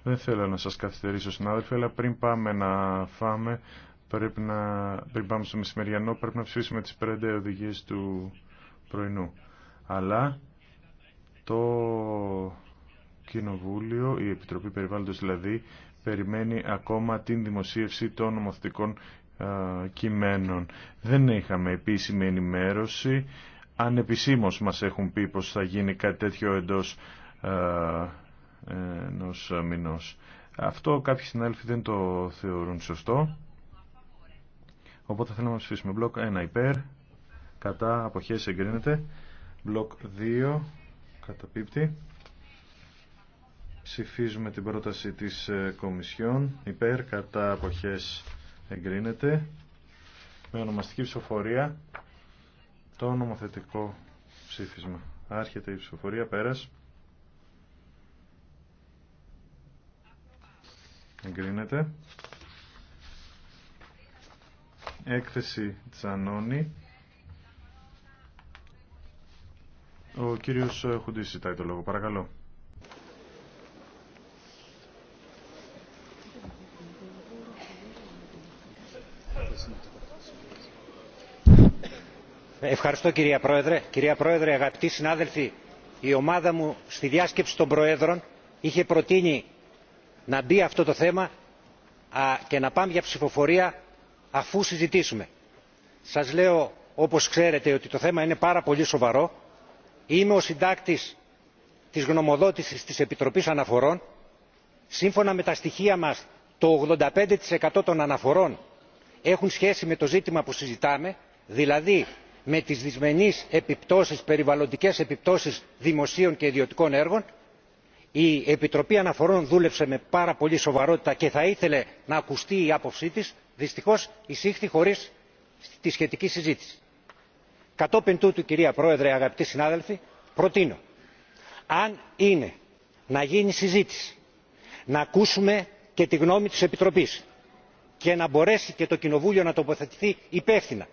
Δεν θέλω να σας καθυστερήσω, συνάδελφε, αλλά πριν πάμε να φάμε, πρέπει να, πριν πάμε στο μεσημεριανό, πρέπει να ψηφίσουμε τις πέντε οδηγίες του πρωινού. Αλλά το Κοινοβούλιο, η Επιτροπή Περιβάλλοντος δηλαδή, περιμένει ακόμα την δημοσίευση των νομοθετικών κειμένων. Δεν είχαμε επίσημη ενημέρωση. Ανεπισήμως μας έχουν πει πως θα γίνει κάτι τέτοιο εντός ενός μηνός. Αυτό κάποιοι συνάδελφοι δεν το θεωρούν σωστό. Οπότε θέλουμε να ψηφίσουμε μπλοκ 1 υπέρ, κατά αποχές εγκρίνεται, μπλοκ 2 καταπίπτει. Ψηφίζουμε την πρόταση της ε, Κομισιόν. Υπέρ, κατά αποχές εγκρίνεται. Με ονομαστική ψηφοφορία το νομοθετικό ψήφισμα. Άρχεται η ψηφοφορία, πέρας. Εγκρίνεται. Έκθεση Τσανώνη. Ο κύριος Χουντής ζητάει το λόγο. Παρακαλώ. Ευχαριστώ κυρία Πρόεδρε. Κυρία Πρόεδρε, αγαπητοί συνάδελφοι, η ομάδα μου στη διάσκεψη των Προέδρων είχε προτείνει να μπει αυτό το θέμα και να πάμε για ψηφοφορία αφού συζητήσουμε. Σας λέω όπως ξέρετε ότι το θέμα είναι πάρα πολύ σοβαρό. Είμαι ο συντάκτης της γνωμοδότησης της Επιτροπής Αναφορών. Σύμφωνα με τα στοιχεία μας το 85% των αναφορών έχουν σχέση με το ζήτημα που συζητάμε δηλαδή με τις δυσμενείς επιπτώσεις περιβαλλοντικές επιπτώσεις δημοσίων και ιδιωτικών έργων η επιτροπή αναφορών δούλεψε με πάρα πολύ σοβαρότητα και θα ήθελε να ακουστεί η άποψή της δυστυχώς εισήχθη χωρίς τη σχετική συζήτηση. κατόπιν τούτου κυρία πρόεδρε αγαπητοί συνάδελφοι προτείνω αν είναι να γίνει συζήτηση να ακούσουμε και τη γνώμη της επιτροπής και να μπορέσει και το κοινοβούλιο να τοποθετηθεί υπεύθυνα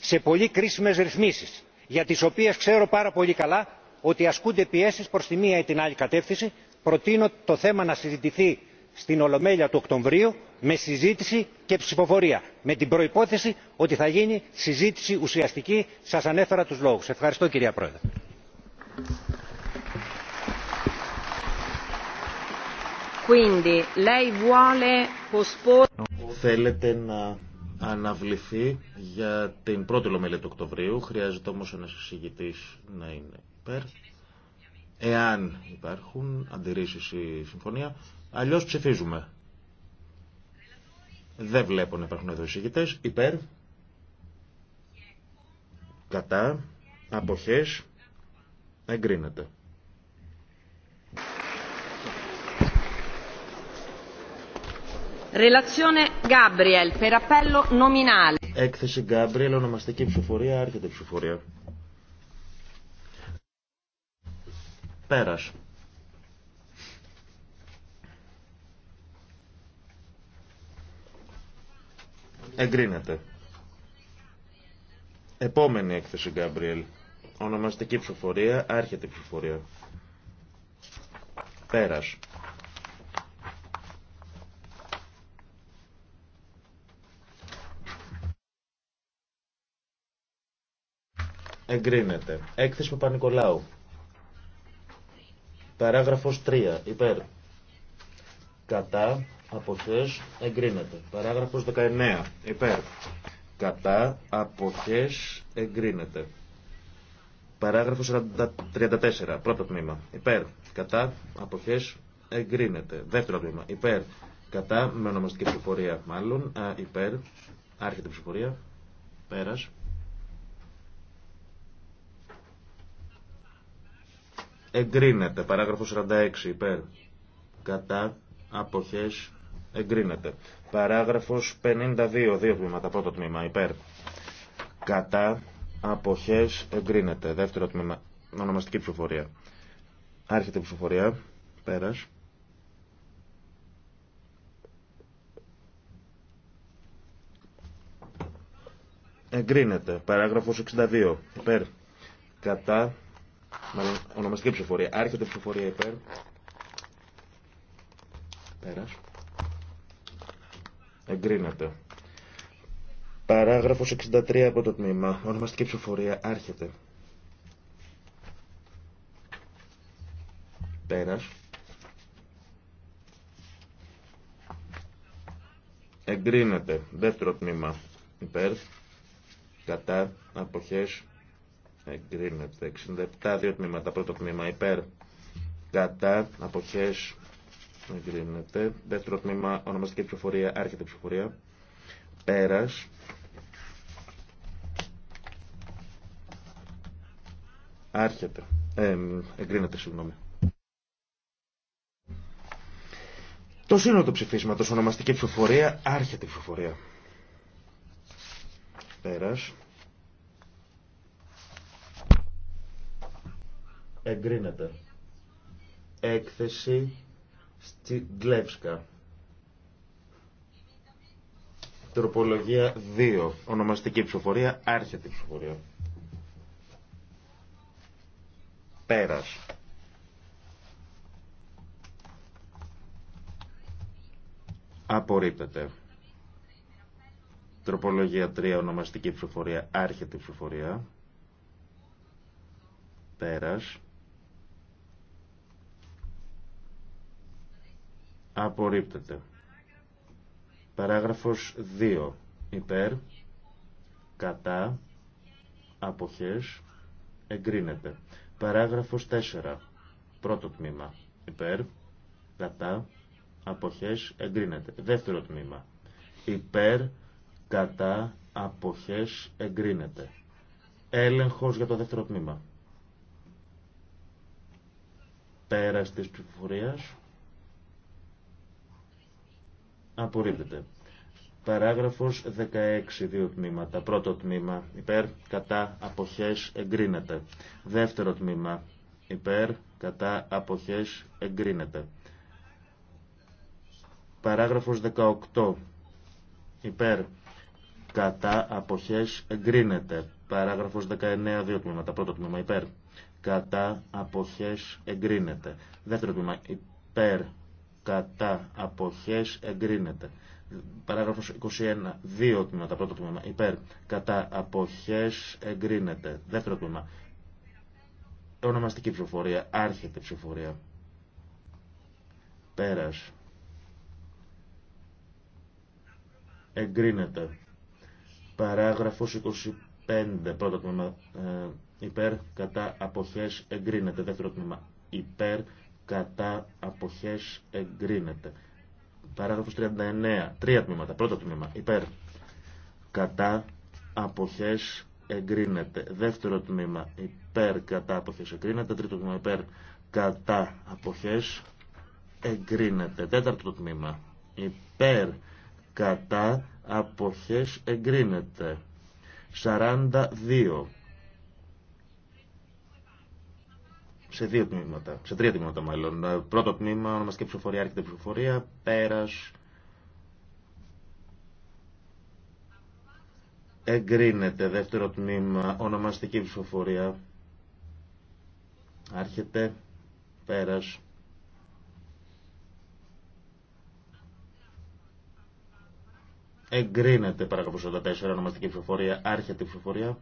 σε πολύ κρίσιμες ρυθμίσεις για τις οποίες ξέρω πάρα πολύ καλά ότι ασκούνται πιέσεις προς τη μία ή την άλλη κατεύθυνση προτείνω το θέμα να συζητηθεί στην ολομέλεια του οκτωβρίου με συζήτηση και ψηφοφορία με την προϋπόθεση ότι θα γίνει συζήτηση ουσιαστική σας ανέφερα τους λόγους. ευχαριστώ κυρία πρόεδρε θέλετε να αναβληθεί για την πρώτη λομέλη του Οκτωβρίου. Χρειάζεται όμως ένας εισηγητής να είναι υπέρ. Εάν υπάρχουν αντιρρήσεις ή συμφωνία, αλλιώς ψηφίζουμε. Δεν βλέπω να υπάρχουν εδώ εισηγητές. Υπέρ. Κατά. Αποχές. Εγκρίνεται. Relazione Gabriel, per appello Έκθεση Γκάμπριελ. ονομαστική ψηφοφορία, άρχεται ψηφοφορία. Πέρας. Εγκρίνεται. Επόμενη έκθεση Γκάμπριελ. Ονομαστική ψηφοφορία, άρχεται ψηφοφορία. Πέρας. Εγκρίνεται. Έκθεση Παπα-Νικολάου. Παράγραφος 3. Υπέρ. Κατά. Αποχές. Εγκρίνεται. Παράγραφος 19. Υπέρ. Κατά. Αποχές. Εγκρίνεται. Παράγραφος 34. Πρώτο τμήμα. Υπέρ. Κατά. Αποχές. Εγκρίνεται. Δεύτερο τμήμα. Υπέρ. Κατά. Με ονομαστική ψηφοφορία μάλλον. Α, υπέρ. Άρχεται ψηφοφορία. Πέρας. εγκρίνεται. Παράγραφος 46 υπέρ. Κατά αποχές εγκρίνεται. Παράγραφος 52, δύο τμήματα, πρώτο τμήμα υπέρ. Κατά αποχές εγκρίνεται. Δεύτερο τμήμα, ονομαστική ψηφοφορία. Άρχεται η ψηφοφορία. Πέρας. Εγκρίνεται. Παράγραφος 62. Υπέρ. Κατά Μάλλον ονομαστική ψηφοφορία. Άρχεται η ψηφοφορία υπέρ. Πέρας. Εγκρίνεται. Παράγραφος 63 από το τμήμα. Ονομαστική ψηφοφορία. Άρχεται. Πέρας. Εγκρίνεται. Δεύτερο τμήμα. Υπέρ. Κατά. Αποχές εγκρίνεται 67 δύο τμήματα πρώτο τμήμα υπέρ κατά αποχές εγκρίνεται δεύτερο τμήμα ονομαστική ψηφοφορία άρχεται ψηφοφορία πέρας άρχεται ε, εγκρίνεται συγγνώμη το σύνολο του ψηφίσματος ονομαστική ψηφοφορία άρχεται η ψηφοφορία πέρας Εγκρίνεται. Έκθεση στη Γκλεύσκα. Τροπολογία 2. Ονομαστική ψηφοφορία. Άρχεται ψηφοφορία. Πέρας. Απορρίπτεται. Τροπολογία 3. Ονομαστική ψηφοφορία. Άρχεται ψηφοφορία. Πέρας. απορρίπτεται. Παράγραφος 2. Υπέρ, κατά, αποχές, εγκρίνεται. Παράγραφος 4. Πρώτο τμήμα. Υπέρ, κατά, αποχές, εγκρίνεται. Δεύτερο τμήμα. Υπέρ, κατά, αποχές, εγκρίνεται. Έλεγχος για το δεύτερο τμήμα. Πέρας της ψηφοφορίας. Απορρίπτεται. Παράγραφος 16, δύο τμήματα. Πρώτο τμήμα, υπέρ, κατά, αποχές, εγκρίνεται. Δεύτερο τμήμα, υπέρ, κατά, αποχές, εγκρίνεται. Παράγραφος 18, υπέρ, κατά, αποχές, εγκρίνεται. Παράγραφος 19, δύο τμήματα. Πρώτο τμήμα, υπέρ, κατά, αποχές, εγκρίνεται. Δεύτερο τμήμα, υπέρ, κατά αποχές εγκρίνεται. Παράγραφος 21, δύο τμήματα, πρώτο τμήμα, υπέρ, κατά αποχές εγκρίνεται. Δεύτερο τμήμα, ονομαστική ψηφοφορία, άρχεται ψηφοφορία. Πέρας. Εγκρίνεται. Παράγραφος 25, πρώτο τμήμα, ε, υπέρ, κατά αποχές εγκρίνεται. Δεύτερο τμήμα, υπέρ, κατά αποχές εγκρίνεται. Παράγραφος 39. Τρία τμήματα. Πρώτο τμήμα. Υπέρ. Κατά αποχές εγκρίνεται. Δεύτερο τμήμα. Υπέρ κατά αποχές εγκρίνεται. Τρίτο τμήμα. Υπέρ κατά αποχές εγκρίνεται. Τέταρτο τμήμα. Υπέρ κατά αποχές εγκρίνεται. 42. σε δύο τμήματα, σε τρία τμήματα μάλλον. Ε, πρώτο τμήμα, ονομαστική ψηφοφορία, άρχεται ψηφοφορία, πέρας, εγκρίνεται. Δεύτερο τμήμα, ονομαστική ψηφοφορία, άρχεται, πέρας, εγκρίνεται παράγραφος 44, ονομαστική ψηφοφορία, άρχεται η ψηφοφορία,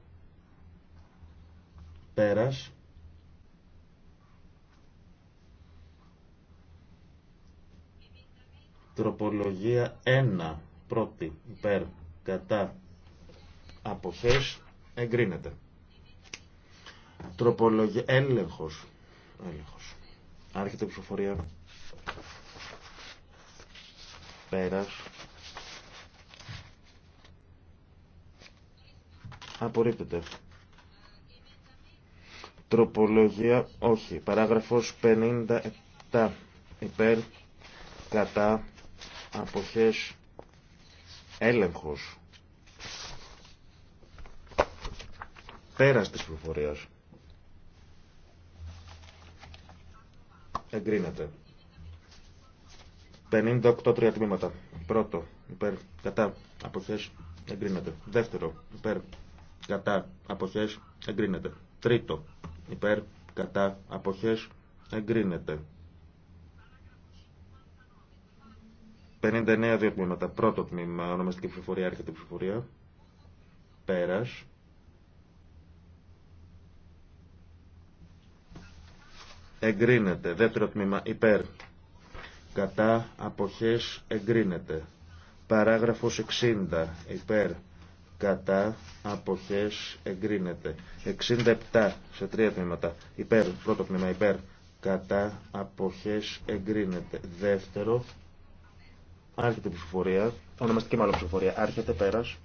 πέρας, Τροπολογία 1. Πρώτη. Υπέρ. Κατά. Αποχές. Εγκρίνεται. Τροπολογία. Έλεγχος. Έλεγχος. Άρχεται η ψηφοφορία. Πέρας. Απορρίπτεται. Τροπολογία. Όχι. Παράγραφος 57. Υπέρ. Κατά αποχές έλεγχος πέρας της προφορίας εγκρίνεται 58 τρία τμήματα πρώτο υπέρ κατά αποχές εγκρίνεται δεύτερο υπέρ κατά αποχές εγκρίνεται τρίτο υπέρ κατά αποχές εγκρίνεται 59 δύο τμήματα. Πρώτο τμήμα, ονομαστική ψηφοφορία, άρχεται ψηφοφορία. Πέρας. Εγκρίνεται. Δεύτερο τμήμα, υπέρ. Κατά απόχέ εγκρίνεται. Παράγραφος 60, υπέρ. Κατά απόχέ εγκρίνεται. 67 σε τρία τμήματα. Υπέρ, πρώτο τμήμα, υπέρ. Κατά απόχέ εγκρίνεται. Δεύτερο, Άρχεται η ψηφοφορία. Ονομαστική μάλλον ψηφοφορία. Άρχεται πέρας.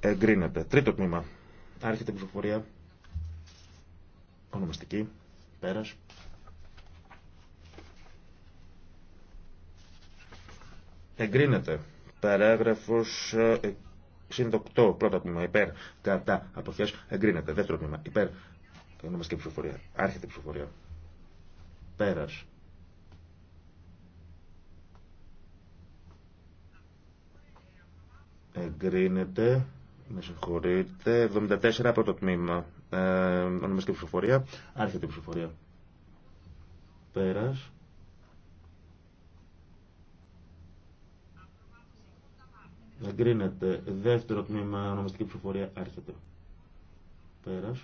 Εγκρίνεται. Τρίτο τμήμα. Άρχεται η ψηφοφορία. Ονομαστική. Πέρας. Εγκρίνεται. Παράγραφος 68. Ε, Πρώτο τμήμα. Υπέρ. Κατά. Αποχές. Εγκρίνεται. Δεύτερο τμήμα. Υπέρ. Ονομαστική ψηφοφορία. Άρχεται η ψηφοφορία. Πέρας. Εγκρίνεται. Με συγχωρείτε. 74 από το τμήμα. Ε, ονομαστική ψηφοφορία. Άρχεται η ψηφοφορία. Πέρας. Εγκρίνεται. Δεύτερο τμήμα ονομαστική ψηφοφορία. Άρχεται. Πέρας.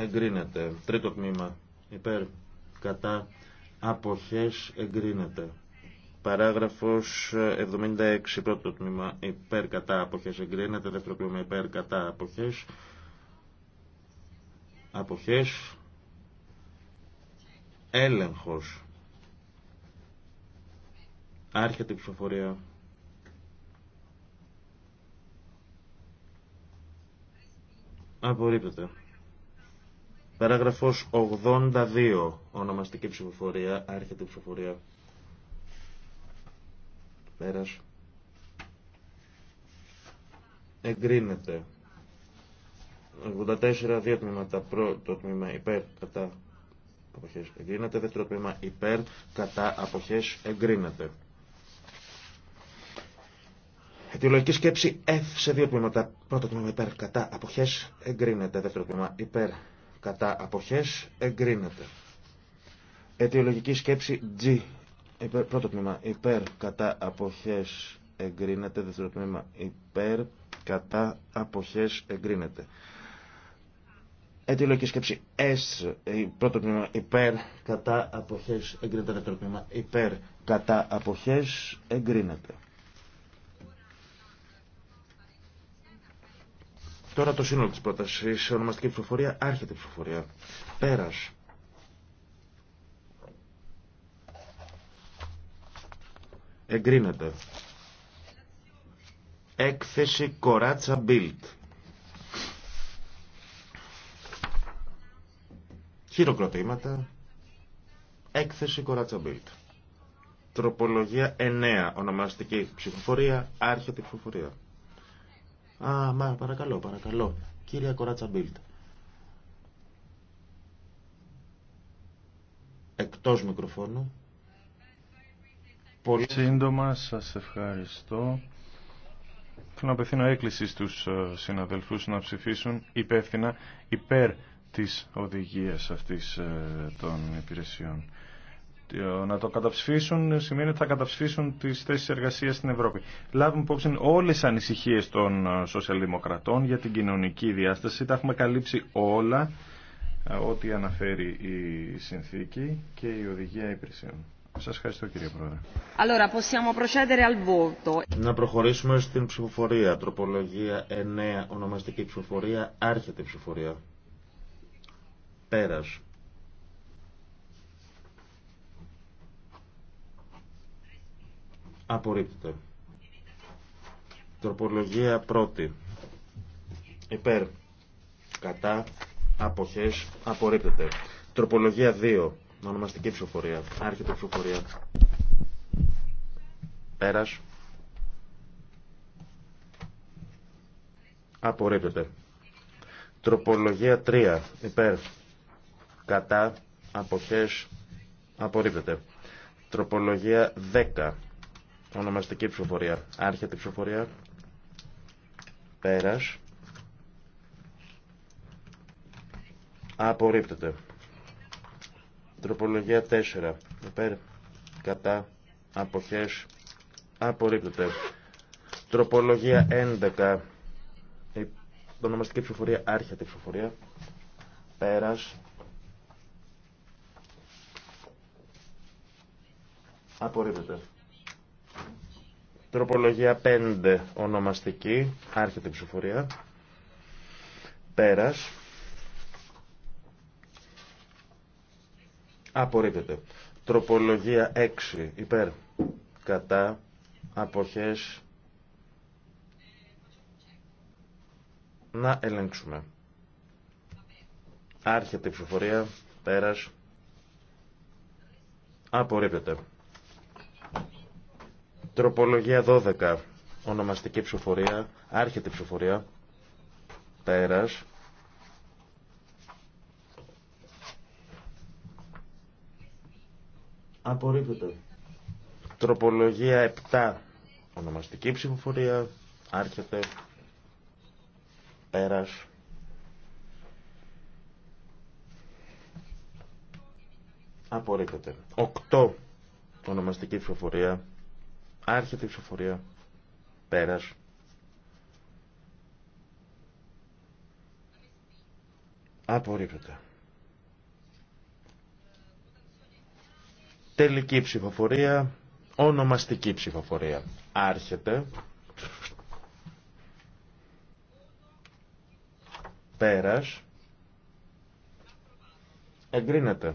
εγκρίνεται. Τρίτο τμήμα υπέρ κατά αποχές εγκρίνεται. Παράγραφος 76 πρώτο τμήμα υπέρ κατά αποχές εγκρίνεται. Δεύτερο τμήμα υπέρ κατά αποχές. Αποχές. Έλεγχος. Άρχεται η ψηφοφορία. Απορρίπτεται. Παράγραφος 82, ονομαστική ψηφοφορία, άρχεται ψηφοφορία. Πέρας. Εγκρίνεται. 84 δύο τμήματα. Πρώτο τμήμα υπέρ, κατά, αποχές εγκρίνεται. Δεύτερο τμήμα υπέρ, κατά, αποχές εγκρίνεται. Αιτιολογική σκέψη F σε δύο τμήματα. Πρώτο τμήμα υπέρ, κατά, αποχές εγκρίνεται. Δεύτερο τμήμα υπέρ, κατά αποχές εγκρίνεται. Αιτιολογική σκέψη G. πρώτο τμήμα υπέρ κατά αποχές εγκρίνεται. Δεύτερο τμήμα υπέρ κατά αποχές εγκρίνεται. Αιτιολογική σκέψη S. Ε, πρώτο τμήμα υπέρ κατά αποχές εγκρίνεται. Δεύτερο τμήμα υπέρ κατά αποχές εγκρίνεται. Τώρα το σύνολο της πρότασης, ονομαστική ψηφοφορία, άρχεται ψηφοφορία. Πέρας. Εγκρίνεται. Έκθεση Κοράτσα Μπίλτ. Χειροκροτήματα. Έκθεση Κοράτσα Μπίλτ. Τροπολογία 9. Ονομαστική ψηφοφορία. Άρχεται ψηφοφορία. Α, μα, παρακαλώ, παρακαλώ. Κύρια Κοράτσα Μπίλτ. Εκτός μικροφώνου. Πολύ σύντομα σας ευχαριστώ. Θέλω να απευθύνω έκκληση στους ε, συναδελφούς να ψηφίσουν υπεύθυνα υπέρ της οδηγίας αυτής ε, των υπηρεσιών. Ε, να το καταψηφίσουν σημαίνει ότι θα καταψηφίσουν τις θέσει εργασία στην Ευρώπη. Λάβουμε υπόψη όλες τι ανησυχίες των ε, σοσιαλδημοκρατών για την κοινωνική διάσταση. Τα έχουμε καλύψει όλα ε, ό,τι αναφέρει η συνθήκη και η οδηγία υπηρεσιών. Σας ευχαριστώ κύριε Πρόεδρε. Allora, possiamo procedere al voto. Να προχωρήσουμε στην ψηφοφορία. Τροπολογία 9, ονομαστική ψηφοφορία, άρχεται η ψηφοφορία. Πέρας. Απορρίπτεται. Τροπολογία πρώτη. Υπέρ. Κατά. Αποχές. Απορρίπτεται. Τροπολογία 2. Ονομαστική ψηφοφορία. Άρχεται ψηφοφορία. Πέρας. Απορρίπτεται. Τροπολογία 3. Υπέρ. Κατά. Αποχές. Απορρίπτεται. Τροπολογία 10. Ονομαστική ψηφοφορία. Άρχεται ψηφοφορία. Πέρας. Απορρίπτεται. Τροπολογία 4. Υπέρ. Κατά. Αποχές. Απορρίπτεται. Τροπολογία 11. Η ονομαστική ψηφοφορία. Άρχεται ψηφοφορία. Πέρας. Απορρίπτεται. Τροπολογία 5 ονομαστική, άρχεται η ψηφοφορία. Πέρας. Απορρίπτεται. Τροπολογία 6 υπέρ. Κατά. Αποχές. Να ελέγξουμε. Άρχεται η ψηφοφορία. Πέρας. Απορρίπτεται. Τροπολογία 12. Ονομαστική ψηφοφορία. Άρχεται ψηφοφορία. Πέρα. Απορρίπτεται. Τροπολογία 7. Ονομαστική ψηφοφορία. Άρχεται. Πέρα. Απορρίπτεται. 8. Ονομαστική ψηφοφορία. Άρχεται η ψηφοφορία. Πέρας. Απορρίπτεται. Τελική ψηφοφορία, ονομαστική ψηφοφορία. Άρχεται. Πέρας. Εγκρίνεται.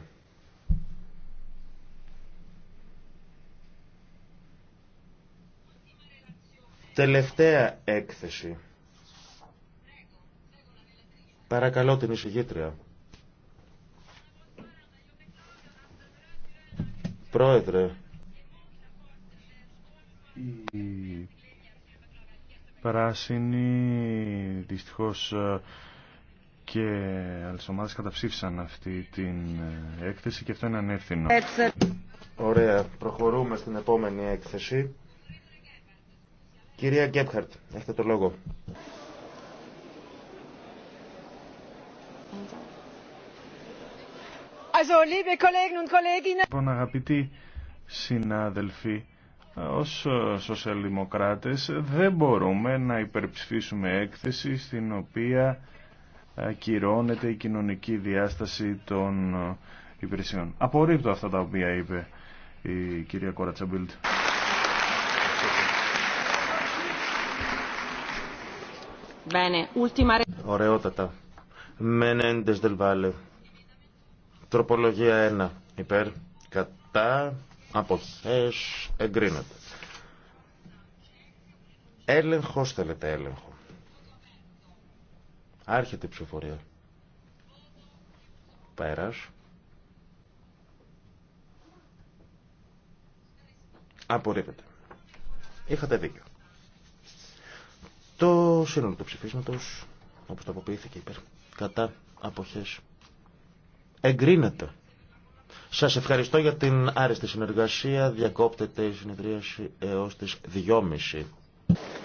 Τελευταία έκθεση. Παρακαλώ την εισηγήτρια. Πρόεδρε. Η πράσινη δυστυχώς και άλλες ομάδες καταψήφισαν αυτή την έκθεση και αυτό είναι ανεύθυνο. Ωραία. Προχωρούμε στην επόμενη έκθεση. Κυρία Γκέπχαρτ, έχετε το λόγο. Λοιπόν, αγαπητοί συνάδελφοι, ως σοσιαλδημοκράτες δεν μπορούμε να υπερψηφίσουμε έκθεση στην οποία ακυρώνεται η κοινωνική διάσταση των υπηρεσιών. Απορρίπτω αυτά τα οποία είπε η κυρία Κόρατσαμπιλτ. Ωραιότατα. Μενέντες Δελβάλε. Τροπολογία 1. Υπέρ. Κατά. Αποχές. Εγκρίνεται. Έλεγχος θέλετε έλεγχο. Άρχεται η ψηφοφορία. Πέρας. Απορρίπτεται. Είχατε δίκιο. Το σύνολο του ψηφίσματος, όπως το αποποιήθηκε υπέρ, κατά αποχές, εγκρίνεται. Σας ευχαριστώ για την άρεστη συνεργασία. Διακόπτεται η συνεδρίαση έως τις 2.30.